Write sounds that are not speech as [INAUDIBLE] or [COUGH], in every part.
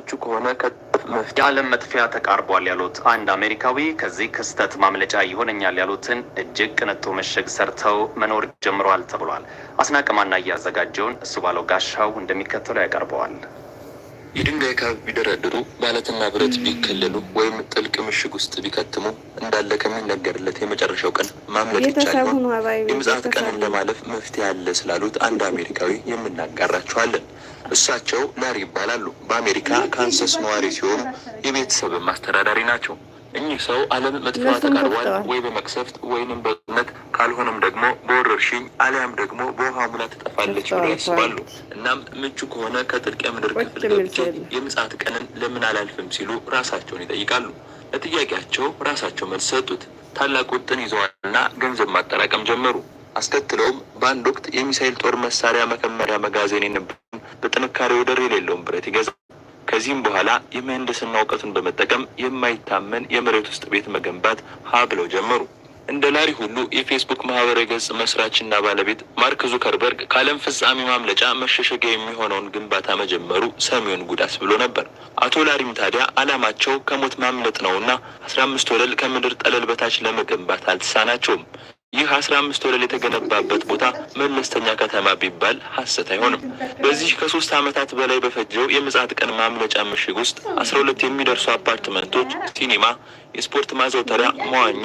ያልቻለችው ከሆነ የዓለም መጥፊያ ተቃርቧል ያሉት አንድ አሜሪካዊ ከዚህ ክስተት ማምለጫ ይሆነኛል ያሉትን እጅግ ቅንጡ ምሽግ ሰርተው መኖር ጀምረዋል ተብሏል። አስናቀማና እያዘጋጀውን እሱ ባለው ጋሻው እንደሚከተለው ያቀርበዋል። የድንጋይ ካብ ቢደረድሩ በዓለትና ብረት ቢከለሉ ወይም ጥልቅ ምሽግ ውስጥ ቢከትሙ እንዳለ ከሚነገርለት የመጨረሻው ቀን ማምለጥ ይቻል የምጽአት ቀንን ለማለፍ መፍትሄ አለ ስላሉት አንድ አሜሪካዊ የምናጋራቸዋለን። እሳቸው ላሪ ይባላሉ። በአሜሪካ ካንሰስ ነዋሪ ሲሆኑ የቤተሰብ አስተዳዳሪ ናቸው። እኚህ ሰው ዓለም መጥፋት ተቃርቧል ወይ በመቅሰፍት ወይንም በጦርነት ካልሆነም ደግሞ በወረርሽኝ አሊያም ደግሞ በውሃ ሙላ ትጠፋለች ብሎ ያስባሉ። እናም ምቹ ከሆነ ከጥልቅ የምድር ክፍል ገብቼ የምጽአት ቀንን ለምን አላልፍም ሲሉ ራሳቸውን ይጠይቃሉ። ለጥያቄያቸው ራሳቸው መልስ ሰጡት። ታላቅ ውጥን ይዘዋልና ገንዘብ ማጠራቀም ጀመሩ። አስከትለውም በአንድ ወቅት የሚሳይል ጦር መሳሪያ መከመሪያ መጋዘን የነበረውን በጥንካሬ ወደር የሌለውን ብረት ይገዛል። ከዚህም በኋላ የምህንድስና እውቀቱን በመጠቀም የማይታመን የመሬት ውስጥ ቤት መገንባት ሀ ብለው ጀመሩ። እንደ ላሪ ሁሉ የፌስቡክ ማህበራዊ ገጽ መስራችና ባለቤት ማርክ ዙከርበርግ ከዓለም ፍጻሜ ማምለጫ መሸሸጊያ የሚሆነውን ግንባታ መጀመሩ ሰሚውን ጉዳስ ብሎ ነበር። አቶ ላሪም ታዲያ ዓላማቸው ከሞት ማምለጥ ነውና አስራ አምስት ወለል ከምድር ጠለል በታች ለመገንባት አልተሳናቸውም። ይህ አስራ አምስት ወለል የተገነባበት ቦታ መለስተኛ ከተማ ቢባል ሐሰት አይሆንም። በዚህ ከሶስት ዓመታት በላይ በፈጀው የምጽአት ቀን ማምለጫ ምሽግ ውስጥ አስራ ሁለት የሚደርሱ አፓርትመንቶች፣ ሲኒማ፣ የስፖርት ማዘውተሪያ፣ መዋኛ፣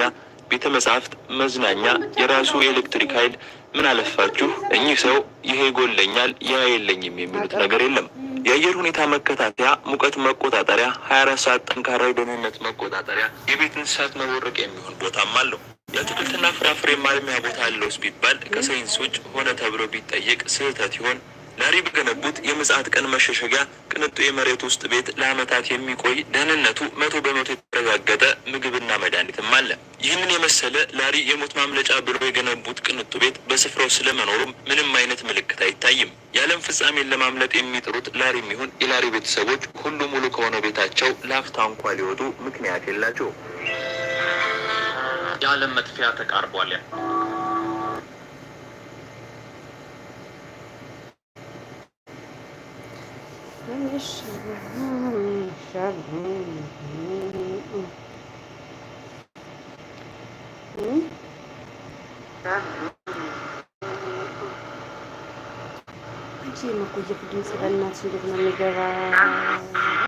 ቤተ መጻሕፍት፣ መዝናኛ፣ የራሱ የኤሌክትሪክ ኃይል ምን አለፋችሁ እኚህ ሰው ይሄ ይጎለኛል፣ ያ የለኝም የሚሉት ነገር የለም። የአየር ሁኔታ መከታተያ፣ ሙቀት መቆጣጠሪያ፣ ሀያ አራት ሰዓት ጠንካራ ደህንነት መቆጣጠሪያ፣ የቤት እንስሳት መቦረቅ የሚሆን ቦታም አለው። የአትክልትና ፍራፍሬ ማልሚያ ቦታ አለውስ ቢባል ከሳይንስ ውጭ ሆነ ተብሎ ቢጠየቅ ስህተት ይሆን? ላሪ በገነቡት የምጽአት ቀን መሸሸጊያ ቅንጡ የመሬት ውስጥ ቤት ለዓመታት የሚቆይ ደህንነቱ መቶ በመቶ የተረጋገጠ ምግብና መድኃኒትም አለ። ይህንን የመሰለ ላሪ የሞት ማምለጫ ብሎ የገነቡት ቅንጡ ቤት በስፍራው ስለመኖሩም ምንም አይነት ምልክት አይታይም። የዓለም ፍጻሜን ለማምለጥ የሚጥሩት ላሪ የሚሆን የላሪ ቤተሰቦች ሁሉ ሙሉ ከሆነ ቤታቸው ላፍታ እንኳ ሊወጡ ምክንያት የላቸው። የዓለም መጥፊያ ተቃርቧል። መቆየት ድምፅ በእናትሽ እንዴት ነው የሚገባ?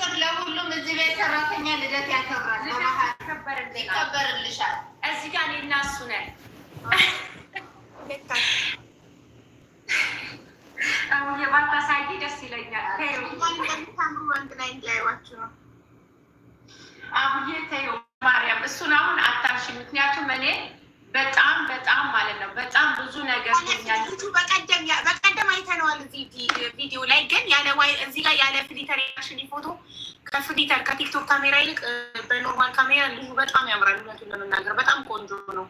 ፍቅር ለሁሉም እዚህ ቤት ሰራተኛ ልደት ያከብራል፣ ይከበርልሻል። እዚህ ጋር እኔ እና እሱ ነን። ባታሳይ ደስ ይለኛል። አቡዬ ተይው ማርያም፣ እሱን አሁን አታርሺ። ምክንያቱም እኔ በጣም በጣም ማለት ነው በጣም ብዙ ነገር በቀደም አይተነዋል እዚህ ቪዲዮ ላይ ግን እዚህ ጋር ያለ ፊልተር ፎቶ ከፍሊተር ከቲክቶክ ካሜራ ይልቅ በኖርማል ካሜራ ልዩ በጣም ያምራል። እውነቱን ለመናገር በጣም ቆንጆ ነው።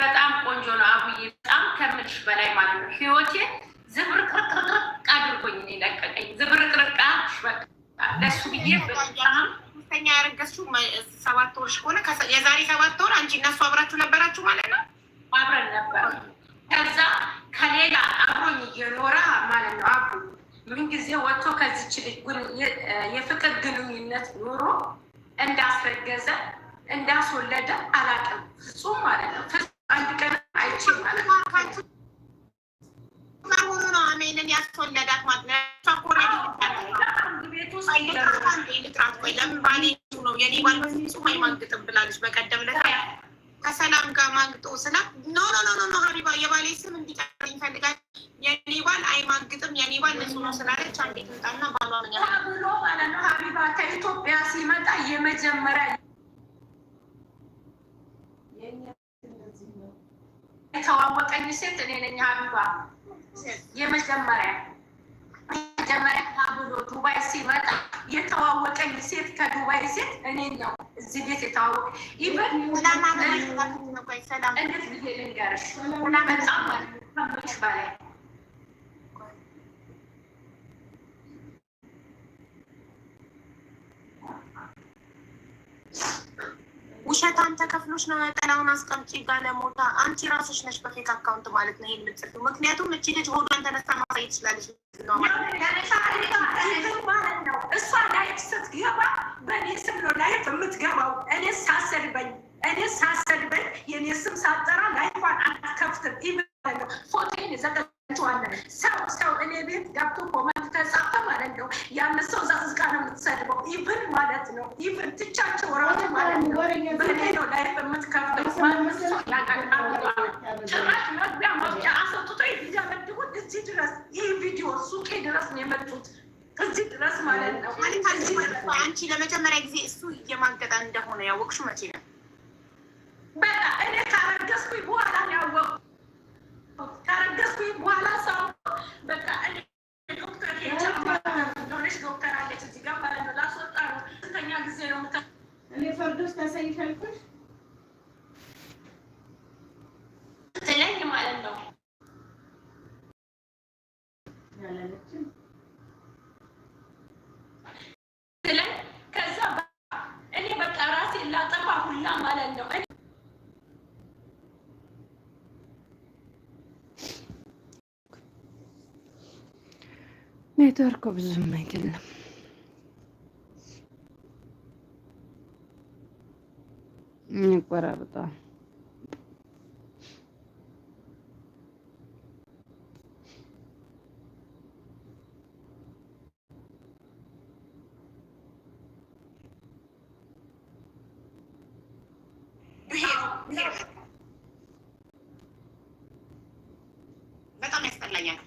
በጣም ቆንጆ ነው አቡዬ፣ በጣም ከምልሽ በላይ ማለት ነው። ህይወቴ ዝብርቅርቅርቅ አድርጎኝ ለቀቀኝ። ዝብርቅርቅ ለሱ ብዬ ሶስተኛ ያረገዝሽው ሰባት ወርሽ ከሆነ የዛሬ ሰባት ወር አንቺ እነሱ አብራችሁ ነበራችሁ ማለት ነው? አብረን ነበር። ከዛ ከሌላ አብሮኝ እየኖራ ማለት ነው አቡ ምን ጊዜ ወጥቶ ከዚች የፍቅር ግንኙነት ኖሮ እንዳስረገዘ እንዳስወለደ አላውቅም። ፍጹም ማለት ነው። አንድ ቀን አይቼ ማለት ነው። አሜንን ያስወለዳት ማለት ነው። ቤት ውስጥ ነው የኔ ባል ፍጹም አይማግጥም ብላለች በቀደም ለታ ከሰላም ጋር ማግጦ ስላ ኖ ኖ ኖ ኖ ሀቢባ የባሌ ስም እንዲቀር ይፈልጋል። የኔ ባል አይማግጥም የኔ ባል እሱ ነው ስላለች አንዴ ትምጣና ባሏ ብሎ ማለት ነው። ሀቢባ ከኢትዮጵያ ሲመጣ የመጀመሪያ የተዋወቀኝ ሴት እኔ ነኝ ሀቢባ የመጀመሪያ መጀመሪያ አብሎ ዱባይ ሲመጣ የተዋወቀኝ ሴት ከዱባይ ሴት እኔ ነው እዚህ ቤት የተዋወቀ ይበል። ብዬ ልንገርሽ፣ በጣም ከምልሽ በላይ ውሸታም ተከፍሎች ነው ነጠላውን አስቀምጪ ጋለሞታ። አንቺ ራስሽ ነሽ በፌክ አካውንት ማለት ነው ይሄን ምጽፍ። ምክንያቱም እቺ ልጅ ሆዷን ተነሳ ማሳየት ትችላለች። እሷ ላይፍ ስትገባ በእኔ ስም ነው ላይፍ የምትገባው። እኔ ሳሰድበኝ እኔ ሳሰድበኝ የእኔ ስም ሳጠራ ላይፏን አትከፍትም። ሰው ሰው እኔ ቤት ገብቶ ተጻፈ ማለት ነው። ያን ሰው እዛ ዝቃ ነው የምትሰድበው። ይብን ማለት ነው ይብን ትቻቸው ራሱ ማለት ነው ነው ላይ በምትከፍለው ጭራሽ መግቢያ ማውጫ አሰጡቶ ቪዛ መድቡት እዚህ ድረስ ይህ ቪዲዮ ሱቄ ድረስ ነው የመጡት። እዚህ ድረስ ማለት ነው። አንቺ ለመጀመሪያ ጊዜ እሱ የማገጣ እንደሆነ ያወቅሽው መቼ ነው? በቃ እኔ ካረገዝኩኝ በኋላ ያወቅ ያወቅኩት። ካረገዝኩኝ በኋላ ሰው በቃ እኔ И только изумительно. Неправда. በጣም ያስጠላኛል።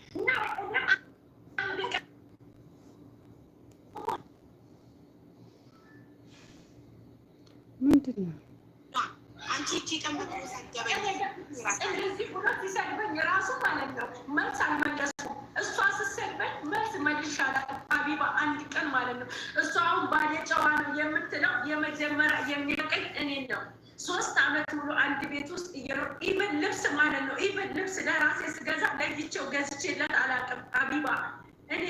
አንቺ እሷ ስትሰድበኝ መልስ አንድ ቀን ማለት ነው እሷ አሁን ባለ የምትለው የመጀመሪያ የሚያቀኝ እኔን ሶስት አመት ሙሉ አንድ ቤት ውስጥ እየኖር ኢቨን ልብስ ልብስ ለራሴ ስገዛ ለይቼው ገዝቼለት አላውቅም። ሀቢባ እኔ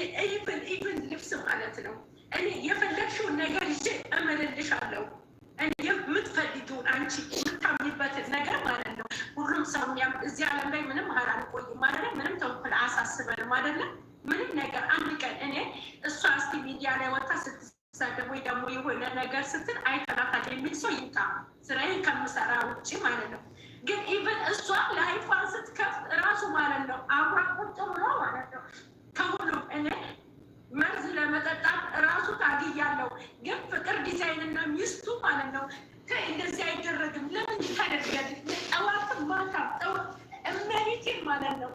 ኢቨን ልብስ ማለት ነው እኔ የፈለግሽውን ነገር ይዤ እምልልሻለሁ እኔ አንቺ የምታምኝበትን ነገር ማለት ነው። ሁሉም ሰው እዚህ ዓለም ላይ ምንም አላልቆይም አይደለም። ምንም ተንኮል አሳስበንም አይደለም። ምንም ነገር አንድ ቀን እኔ እሷ እስኪ ሚዲያ ላይ ወታ ስትሳደብ ወይ ደግሞ የሆነ ነገር ስትል አይተናታል የሚል ሰው ይምጣ። ስራዬን ከምሰራ ውጭ ማለት ነው። ግን ኢቨን እሷ ላይፏን ስትከፍት እራሱ ማለት ነው አብራ ቁጭ ብሎ ማለት ነው ከሁሉም እኔ መርዝ ለመጠጣት እራሱ ታግያለው። ግን ፍቅር ዲዛይን እና ሚስቱ ማለት ነው እንደዚህ አይደረግም። ለምን ታደርጋለች? ጠዋት ማታ እመቤቴን ማለት ነው።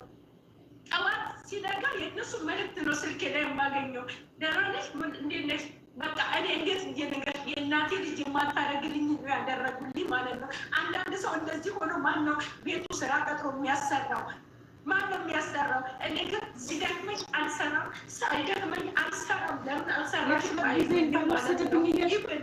ጠዋት ሲነጋ የእነሱ መልዕክት ነው ስልኬ ላይ የማገኘው። ደህና ነሽ? እንዴት ነሽ? በቃ እኔ እንዴት እንዴ የእናቴ ልጅ የማታደርግልኝ ነው ያደረጉልኝ ማለት ነው። አንዳንድ ሰው እንደዚህ ሆኖ ማን ነው ቤቱ ስራ ቀጥሮ የሚያሰራው? ማን ነው የሚያሰራው? እኔ ግን ሲደክመኝ አልሰራም፣ ሳይደክመኝ አልሰራም። ለምን አልሰራሽ? ይበል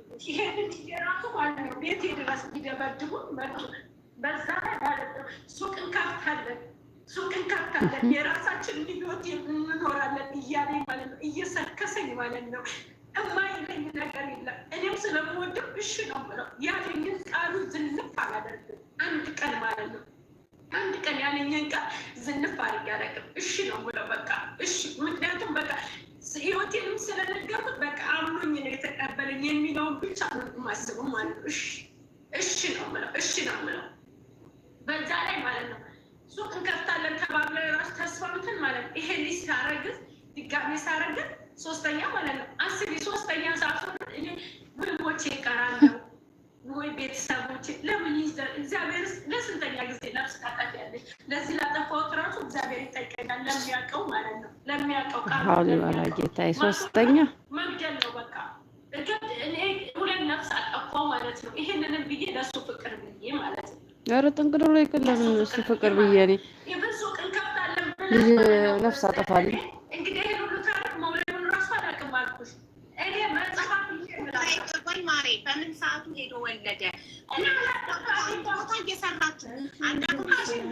ይሄንን የራሱ ማለት ነው ቤት ድረስ ሊደበድቡ መጡ። በዛ ላይ ማለት ነው ሱቅ እንከፍታለን ሱቅ እንከፍታለን [LAUGHS] የራሳችን ልጆት እንኖራለን እያለ ማለት ነው እየሰከሰኝ ማለት ነው እማይለኝ ነገር የለም። እኔም ስለምወደው እሺ ነው ብለው ያለኝን ቃሉ ዝንፍ አላደርግም አንድ ቀን ማለት ነው አንድ ቀን ያለኝን ቃል ዝንፍ አድርጌ አላውቅም። እሺ ነው ብለው በቃ እሺ። ምክንያቱም በቃ ህይወቴንም ስለነገርኩት በቃ አምኖኝ ነው የተቀበለኝ የሚለውን ብቻ ነው የማስበው ማለት ነው። እሺ እሺ ነው ምለው እሺ ነው ምለው በዛ ላይ ማለት ነው ሱቅ እንከፍታለን ተባብለ ራሱ ተስፋ ማለት ነው። ይሄ ልጅ ሳረግዝ ድጋሜ ሳረግዝ ሶስተኛ ማለት ነው አስቢ ሶስተኛ ሳሶ ብልሞቼ ይቀራለሁ ወይ ቤተሰቦች ለምን እግዚአብሔር ለስንተኛ ጊዜ ነፍስ ታጠፊያለች? ለዚህ ላጠፋሁት ራሱ እግዚአብሔር ይጠይቀኛል። ለሚያውቀው ማለት ነው፣ ለሚያውቀው ጌታ ሶስተኛ መግደል ነው። በቃ እኔ ሁለት ነፍስ አጠፋሁ ማለት ነው። ይሄንንም ብዬ ለእሱ ፍቅር ብዬ ማለት ነው። ኧረ ጥንቅዶ ላይ ቅን እሱ ፍቅር ብዬ እኔ ብዙ ቅን ከፍታለን ነፍስ አጠፋለሁ እንግዲህ አይገባኝ ማሬ በምን ሰዓቱ ሄዶ ወለደ? ቦታ እየሰራችሁ አንድ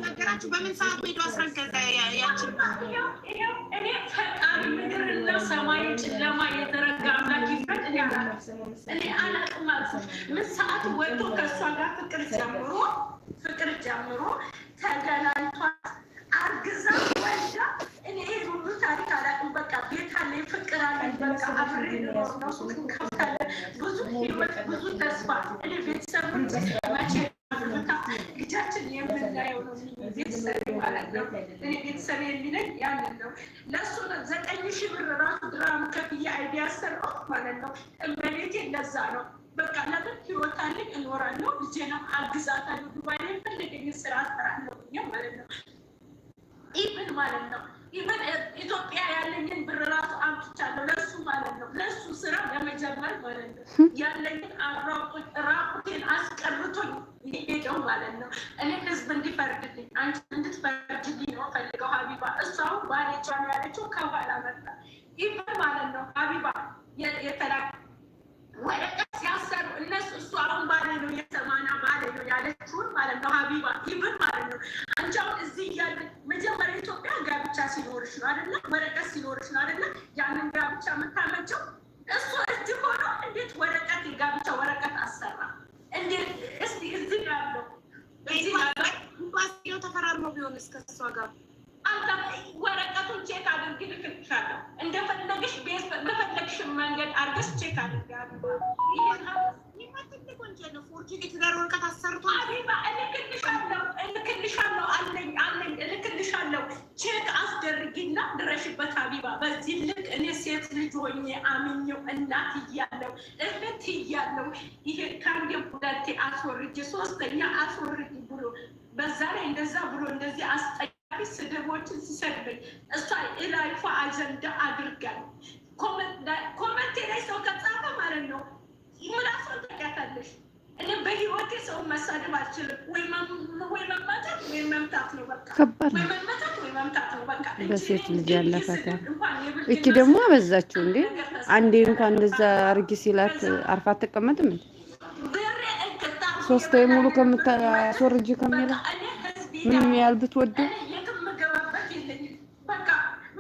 ነገራችሁ። በምን ሰዓቱ ሄዶ አስረገዘ? ያችን ፈጣሪ ምድርና ሰማይ ጨለማ የተረጋ አምላክ ይፍረድ። እኔ አላቅም እኔ ምን ሰዓቱ ወጥቶ ከእሷ ጋር ፍቅር ጀምሮ ፍቅር ጀምሮ ተገናኝቷል አግዛ በቃ አብሬ ብዙ ህይወት ብዙ ተስፋ እኔ ቤተሰብ መቼ ልጃችን የምናየው ነው። ቤተሰብ ይባላል። እኔ ቤተሰብ የሚለኝ ያንን ነው። ለእሱ ዘጠኝ ሺህ ብር ራሱ ድራም ከፍዬ አይዲያ ሰራው ማለት ነው። እመቤቴ ለዛ ነው በቃ ለምን ህይወት አለኝ እኖራለሁ፣ ልጄንም አግዛታለሁ። ዱባይ የፈለገኝ ስራ እሰራለሁ ማለት ነው ኢቭን ማለት ነው ኢትዮጵያ ያለኝን ብር ራሱ አምጥቻለሁ ለእሱ ማለት ነው፣ ለእሱ ስራ ለመጀመር ማለት ነው። ያለኝን ራቁቴን አስቀርቶኝ ሄደው ማለት ነው። እኔ ህዝብ እንዲፈርድልኝ አንቺ እንድትፈርድልኝ ነው ፈልገው ሀቢባ። እሷው ባሌጫን ያለችው ከኋላ መጣ ይፈር ማለት ነው ሀቢባ የተላ ወረቀት ሲያሰሩ እነሱ እሱ አሁን ባለ ነው የሰማና ባለ ነው ያለችውን ማለት ነው ሀቢባ ይብር ማለት ነው አንቺ አሁን እዚህ እያለ ሲኖርሽ ነው አይደለ? ወረቀት ሲኖርሽ ነው አይደለ? ያንን ጋብቻ የምታመቸው እሱ እጅ ሆኖ እንዴት ወረቀት የጋብቻ ወረቀት አሰራ? እንዴት እስቲ እዚህ ያለው እዚህ ተፈራርመው ቢሆን እስከሷ ጋር አንተ ወረቀቱን ቼክ አድርጊ ልክልሻለሁ። እንደፈለግሽ ቤት በፈለግሽ መንገድ አድርገሽ ቼክ አድርጊ። ወንጀል ነው። ፎርጅን የትዳር ወረቀት አሰርቷል። ሀቢባ እልክልሻለሁ፣ እልክልሻለሁ አለኝ አለኝ፣ እልክልሻለሁ። ቼክ አስደርጊና ድረሽበት ሀቢባ። በዚህ ልክ እኔ ሴት ልጅ ሆኜ አምኜው እናት እያለሁ እህት እያለሁ ይሄ ከአንዴ ሁለቴ አስወርጅ፣ ሶስተኛ አስወርጅ ብሎ በዛ ላይ እንደዛ ብሎ እንደዚህ አስጠያፊ ስድቦችን ሲሰድብኝ እሷ የላይፏ አጀንዳ አድርጋል። ኮመንቴ ላይ ሰው ከጻፈ ማለት ነው ራሷን እኔ በህይወቴ መሳደብ አልችልም። ወይ ወይ መምታት ነው በቃ። ወይ መመታት ወይ መምታት ነው በቃ። በሴት ልጅ ያለፈታ እቺ ደግሞ አበዛችው እንዴ! አንዴ እንኳን እንደዛ አርጊ ሲላት አርፋ አትቀመጥም። ሶስት ሙሉ ከምታስወርጅ ከሚላ ምንም ያህል ብትወዱ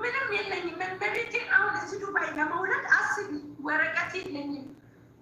ምንም የለኝም። በቤቴ አሁን እዚህ ዱባይ ለመውለድ አስቢ፣ ወረቀት የለኝም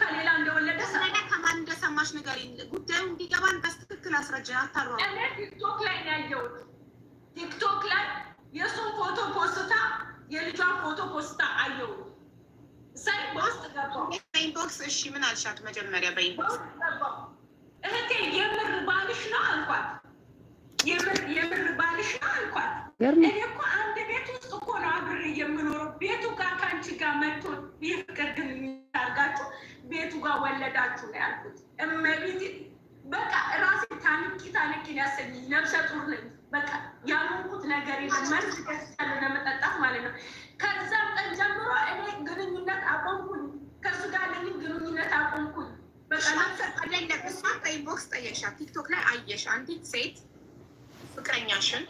ከሌላ እንደወለደ ሰ ከማን እንደሰማሽ ነገር ጉዳዩ እንዲገባን በስትክክል አስረጃ አታሯ እኔ ቲክቶክ ላይ ያየሁት ቲክቶክ ላይ የእሱን ፎቶ ፖስታ የልጇን ፎቶ ፖስታ አየው። ሰይ በውስጥ በኢንቦክስ እሺ፣ ምን አልሻት መጀመሪያ? በኢንቦክስ እህቴ የምር ባልሽ ነው አልኳት። የምር ባልሽ ነው አልኳት። እኔ እኮ አንድ ቤት ውስጥ እኮ ነው አብሬ የምኖረው። ቤቱ ጋር ከአንቺ ጋር መጥቶ ይህ ቅድም ቤቱ ጋር ወለዳችሁ ነው ያልኩት። እመቤት በቃ ራሴ ታንቂ ታንቂ ያሰኝኝ ነብሰ ጡር ነኝ። በቃ ያልሆንኩት ነገር የለም። መልስ ገስቻለ ለመጠጣት ማለት ነው። ከዛም ቀን ጀምሮ እኔ ግንኙነት አቆምኩኝ። ከእሱ ጋር ለኝም ግንኙነት አቆምኩኝ። በቃ ነብሰ ለእሷ ቲክቶክ ላይ አየሽ አንዲት ሴት ፍቅረኛሽን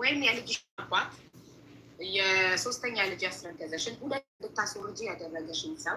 ወይም የልጅሽ አባት የሶስተኛ ልጅ ያስረገዘሽን ሁለት እንድታስወርጂ ያደረገሽን ሰው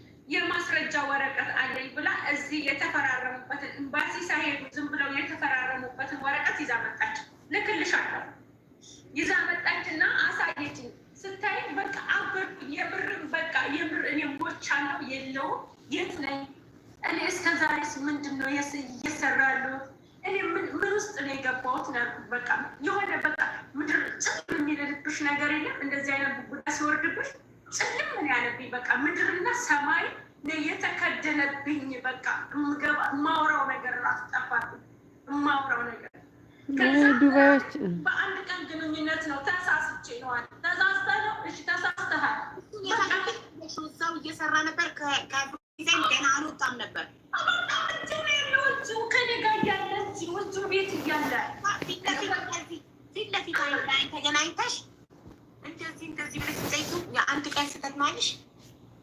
የማስረጃ ወረቀት አለኝ ብላ እዚህ የተፈራረሙበትን ኤምባሲ ሳይሄዱ ዝም ብለው የተፈራረሙበትን ወረቀት ይዛ መጣች። ልክልሻለሁ ይዛ መጣችና አሳየችኝ። ስታይ በቃ አበዱ። የምርም በቃ የምር እኔ ሞቻለሁ፣ የለውም የት ነኝ እኔ እስከ ዛሬስ ምንድን ነው እየሰራሉ? እኔ ምን ውስጥ ነው የገባሁት? ናልኩት በቃ የሆነ በቃ ምድር ጭ የሚልልብሽ ነገር የለም እንደዚህ አይነት ጉዳ ሲወርድብሽ ጭልም ምን ያለብኝ በቃ ምድርና ሰማይ የተከደነብኝ በቃ የማውራው ነገር ራሱ ጠፋብኝ። የማውራው ነገር ዱባዮች በአንድ ቀን ግንኙነት ነው። ተሳስቼ ነዋል አለ ነው እሺ፣ ተሳስተሃል። እዛው እየሰራ ነበር ከጊዜ ገና አልወጣም ነበር ከኔ ጋር እያለች ቤት እያለ ፊት ለፊት ተገናኝተሽ እንደዚህ እንደዚህ ብለሽ ስጠይቁ የአንድ ቀን ስህተት ነው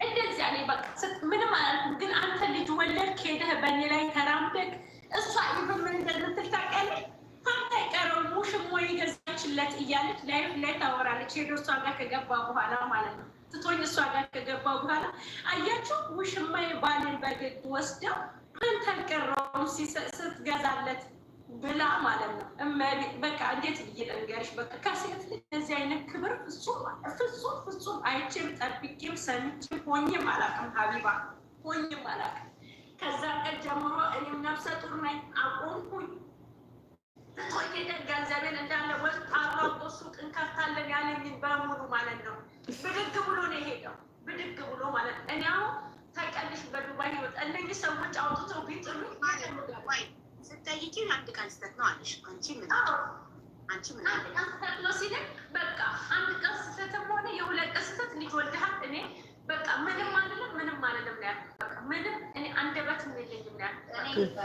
እንደዚህ እኔ በቃ ምንም አላልኩም፣ ግን አንተ ልጅ ወለድክ ሄደህ በእኔ ላይ ተራምደክ እሷ ይሁን ምን እንደምትል ታውቂያለሽ። ሀብት አይቀረው ሙሽሞ ገዛችለት እያለች ላይፍ ላይ ታወራለች። ሄዶ እሷ ጋር ከገባ በኋላ ማለት ነው ትቶኝ እሷ ጋር ከገባ በኋላ አያችሁ፣ ውሽማ የባልን በግድ ወስደው አንተ አልቀረውም ስትገዛለት ብላ ማለት ነው። በቃ እንዴት ብዬ ልንገርሽ፣ በቃ ከሴት እንደዚህ አይነት ክብር ፍጹም ፍጹም ፍጹም አይቼም ጠብቄም ሰምቼም ሆኜም አላውቅም። ሀቢባ ሆኜም አላውቅም። ከዛ ቀን ጀምሮ እኔም ነፍሰ ጡር ነኝ አቆምኩኝ። ቶዬ ገንዘቤን እንዳለ ወጥ አራቆ ሱቅ እንከፍታለን ያለኝን በሙሉ ማለት ነው ብድግ ብሎ ነው የሄደው። ብድግ ብሎ ማለት ነው። እኔ አሁን ተቀልሽ በዱባይ ይወጣ እነዚህ ሰዎች አውጥተው ቢጥሉ ስጠይቂ አንድ ቀን ስህተት ነው አለሽ። አንቺ ምን አንቺ ምን ስህተት ነው ሲልም በቃ አንድ ቀን ስህተትም ሆነ የሁለት ቀን ስህተት ልጅ ወልድሃል። እኔ በቃ ምንም አይደለም ምንም አይደለም ነው ያልኩት። በቃ ምንም እኔ አንደበትም የለኝም ነው ያልኩት።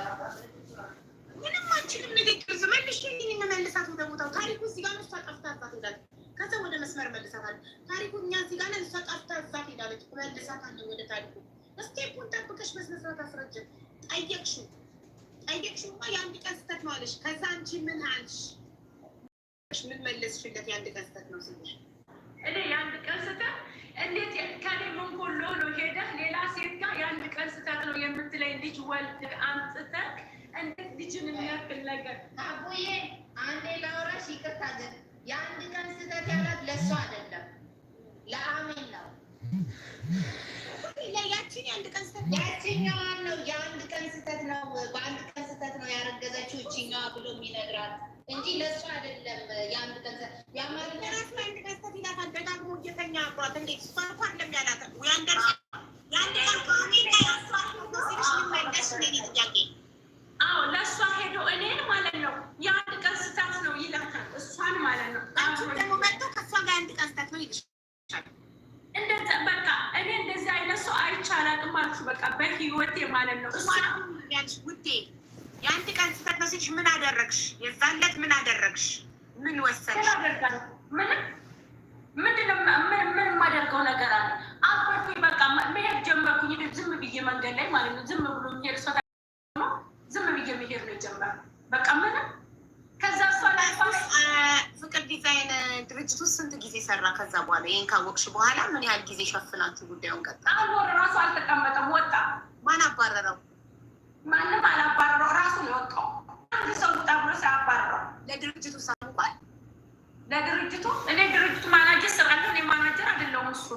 ምንም አንችልም ንግግር ዝመልሽ ይህን መመልሳት ወደ ቦታው ታሪኩ እዚህ ጋር ነሷ ጠፍታ እዛ ትሄዳለች። ከዛ ወደ መስመር መልሳታል። ታሪኩ እኛ እዚህ ጋር ነሷ ጠፍታ እዛ ትሄዳለች። መልሳት ወደ ታሪኩ ስቴፑን ጠብቀሽ በስነስርዓት አስረጀን ጠየቅሽው ጠየቅሽ እኮ የአንድ ቀን ስህተት ነው አለሽ። ከዛ አንቺ ምን አልሽ? ምን መለስሽለት? የአንድ ቀን ስህተት ነው ስልሽ እኔ የአንድ ቀን ስህተት እንዴት ከኔ ምን ኮሎ ነው ሄደህ ሌላ ሴት ጋር የአንድ ቀን ስህተት ነው የምትለኝ ልጅ ወልድ አምጥተህ እንዴት ልጅን የሚያክል ነገር አቡዬ፣ አንዴ ላውራሽ ይቅርታ። ግን የአንድ ቀን ስህተት ያላት ለእሱ አይደለም ለአሜን ነው ያቺን የአንድ ቀን ስህተት ያችኛዋን ነው የአንድ ቀን ስህተት ነው በአንድ በስህተት ነው ያረገዘችው እችኛ ብሎ የሚነግራት እንጂ ለእሱ አይደለም። የአንድ ገንዘብ የአማራራስ አንድ ገንዘብ ይላታል። ደጋግሞ እየተኛ አብሯት እንዴት እሷ እንኳን እንደሚያላት ያንደ ያንድ ቀርቃሚ ላይ ጥያቄ አዎ ለእሷ ሄዶ እኔን ማለት ነው የአንድ ቀን ስታት ነው ይላታል። እሷን ማለት ነው አንቺ ደግሞ መጥቶ ከእሷ ጋር የአንድ ቀን ነው ይልሻል። በቃ እኔ እንደዚህ አይነት ሰው በቃ በህይወቴ ማለት ነው እሷ የአንድ ቀን ስህተት ነው ምን አደረግሽ? የዛን ዕለት ምን አደረግሽ? ምን ወሰንሽ? ምንድነው? ምን የማደርገው ነገር አለ? አባቶኝ በቃ መሄድ ጀመርኩኝ። ዝም ብዬ መንገድ ላይ ማለት ነው፣ ዝም ብሎ ሄድ ሰ ዝም ብዬ መሄድ ነው የጀመርኩ። በቃ ምን ከዛ ፍቅር ዲዛይን ድርጅቱ ስንት ጊዜ ሰራ? ከዛ በኋላ ይህን ካወቅሽ በኋላ ምን ያህል ጊዜ ሸፍናችሁ ጉዳዩን ቀጣ? ራሱ አልተቀመጠም፣ ወጣ። ማን አባረረው? ማንም አላ ለድርጅቱ ሳንኳል ለድርጅቱ እኔ ድርጅቱ ማናጀር ስራለሁ። እኔ ማናጀር አይደለሁም። እሱ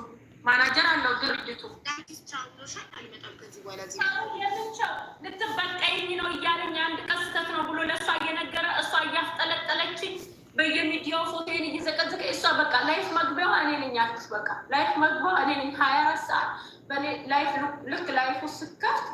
ማናጀር አለው ድርጅቱ። ልትበቀይኝ ነው እያለኝ አንድ ቀስተት ነው ብሎ ለእሷ እየነገረ እሷ እያፍጠለጠለችኝ በየሚዲያው ፎቶን እየዘቀዘቀ እሷ በቃ ላይፍ መግቢያዋ እኔ ነኝ አልኩሽ። በቃ ላይፍ መግቢያዋ እኔ ነኝ። ሀያ አራት ሰዓት ላይፍ ልክ ላይፉ ስከፍት